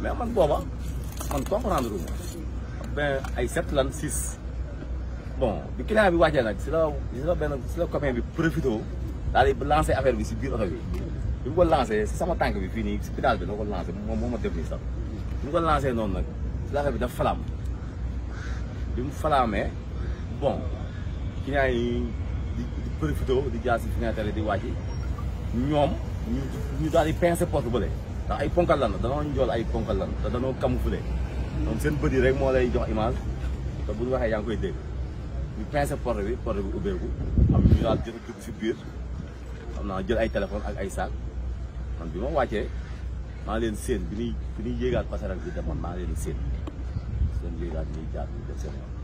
mais man booba man comprendre uma ben ay sept lan six bon bi client bi wàccee nag si la si la benn si la copain bi profité daal di lancé affaire bi si biir oto bi bi mu ko lancé si sama tànk bi fii nii si pédale bi la ko lancé moom moo ma def nii sax bi mu ko lancé noonu nag si la affaire bi daf falaam bi mu falaamee bon client yi di profité di jaar si fenêtre di wàcc ñoom ñu daal di pincé porte bële Tak iphone kan la da jual jol iphone kan la da da no camoufle non sen beudi rek mo lay jox image da bu waxe yang koy deg ni pensé porte bi porte bi ubeku am ni la jël ci ci bir amna jël ay téléphone ak ay sac man bima wacce ma len sen bi ni bi ni yegal passerelle bi ni jaar ni def